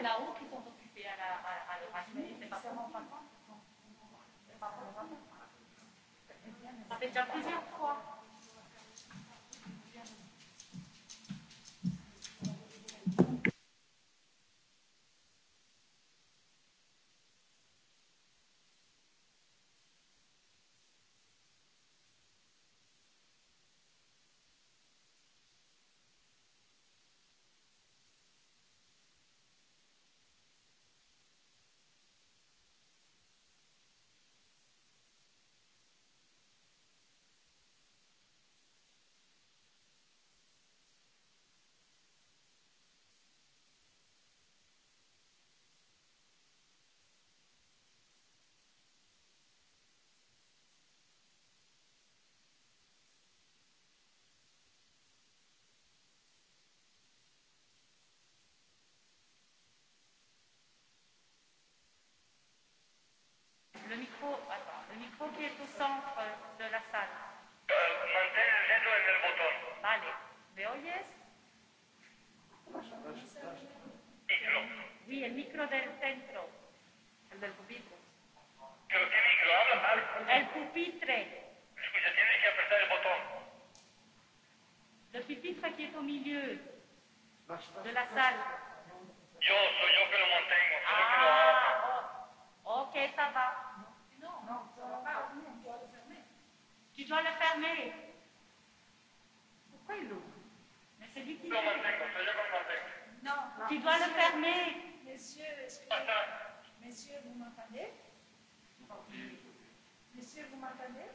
c'est là-haut qu'ils sont occupés à la, machine, c'est pas seulement pas moi. Ça fait déjà plusieurs fois. el micro del centro. El del pupitre. ¿Pero qué micro? Habla mal. El pupitre. Escucha, tienes que apretar el botón. Le pupitre qui est au milieu de la salle. Yo, soy yo que lo mantengo. Soy ah, que lo ah, hago. ok, ça va. Non, non, ça va pas. Non, tu dois le fermer. Tu dois le fermer. Pourquoi il l'ouvre Mais c'est lui qui le mantengo, soy yo que lo mantengo. Non, non. Tu dois le fermer. Monsieur, est-ce que... Messieurs, vous m'entendez Monsieur, vous m'entendez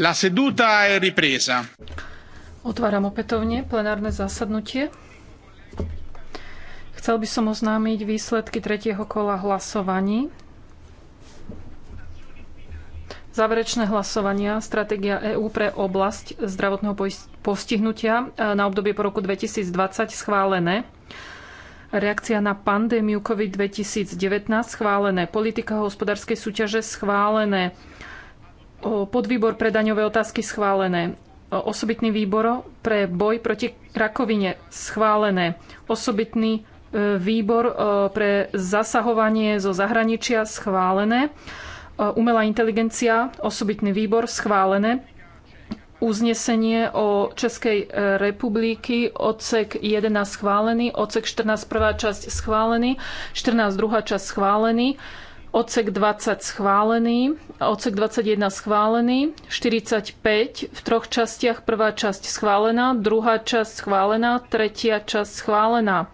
La seduta è ripresa. Otváram opätovne plenárne zasadnutie. Chcel by som oznámiť výsledky tretieho kola hlasovaní. Záverečné hlasovania Stratégia EÚ pre oblasť zdravotného postihnutia e, na obdobie po roku 2020 schválené. Reakcia na pandémiu COVID-2019 schválené. Politika hospodárskej súťaže schválené podvýbor pre daňové otázky schválené. Osobitný výbor pre boj proti rakovine schválené. Osobitný e, výbor e, pre zasahovanie zo zahraničia schválené. E, umelá inteligencia, osobitný výbor schválené uznesenie o Českej republiky, odsek 11 schválený, odsek 14 prvá časť schválený, 14 druhá časť schválený, Odsek 20 schválený, odsek 21 schválený, 45 v troch častiach, prvá časť schválená, druhá časť schválená, tretia časť schválená.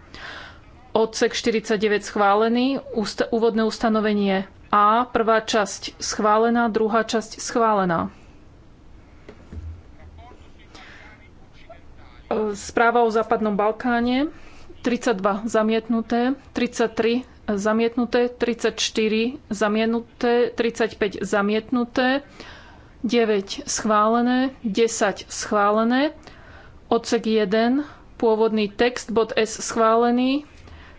Odsek 49 schválený, úst- úvodné ustanovenie A, prvá časť schválená, druhá časť schválená. Správa o Západnom Balkáne, 32 zamietnuté, 33 zamietnuté, 34 zamietnuté, 35 zamietnuté, 9 schválené, 10 schválené, odsek 1, pôvodný text, bod S schválený,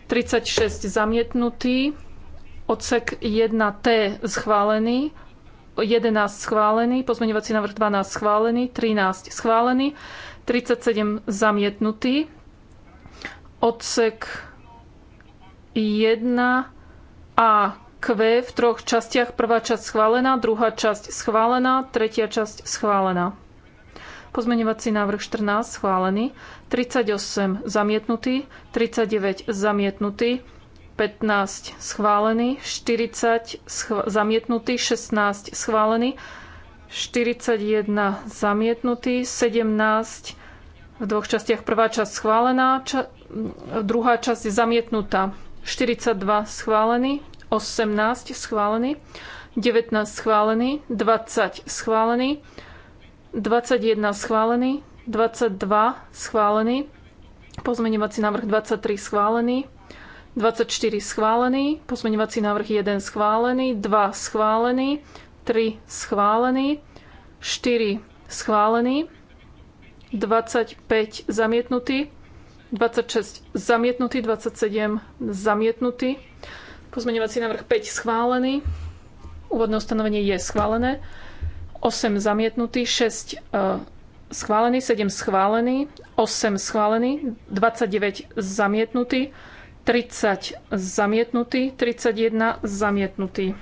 36 zamietnutý, odsek 1T schválený, 11 schválený, pozmeňovací návrh 12 schválený, 13 schválený, 37 zamietnutý, odsek 1 a Q v troch častiach. Prvá časť schválená, druhá časť schválená, tretia časť schválená. Pozmeňovací návrh 14 schválený, 38 zamietnutý, 39 zamietnutý, 15 schválený, 40 schv- zamietnutý, 16 schválený, 41 zamietnutý, 17 v dvoch častiach prvá časť schválená, ča- druhá časť zamietnutá. 42 schválený, 18 schválený, 19 schválený, 20 schválený, 21 schválený, 22 schválený, pozmeňovací návrh 23 schválený, 24 schválený, pozmeňovací návrh 1 schválený, 2 schválený, 3 schválený, 4 schválený, 25 zamietnutý, 26 zamietnutý, 27 zamietnutý. Pozmeňovací návrh 5 schválený. Úvodné ustanovenie je schválené. 8 zamietnutý, 6 e, schválený, 7 schválený, 8 schválený, 29 zamietnutý, 30 zamietnutý, 31 zamietnutý.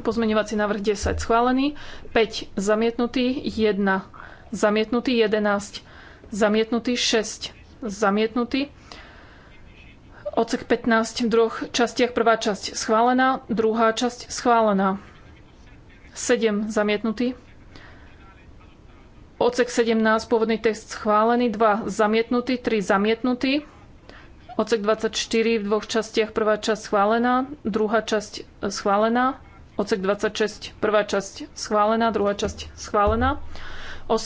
Pozmeňovací návrh 10 schválený, 5 zamietnutý, 1 zamietnutý, 11 zamietnutý, 6 zamietnutý. Odsek 15 v druhých častiach. Prvá časť schválená, druhá časť schválená. 7 zamietnutý. Odsek 17, pôvodný text schválený, 2 zamietnutý, 3 zamietnutý. Odsek 24 v dvoch častiach, prvá časť schválená, druhá časť schválená. Odsek 26, prvá časť schválená, druhá časť schválená.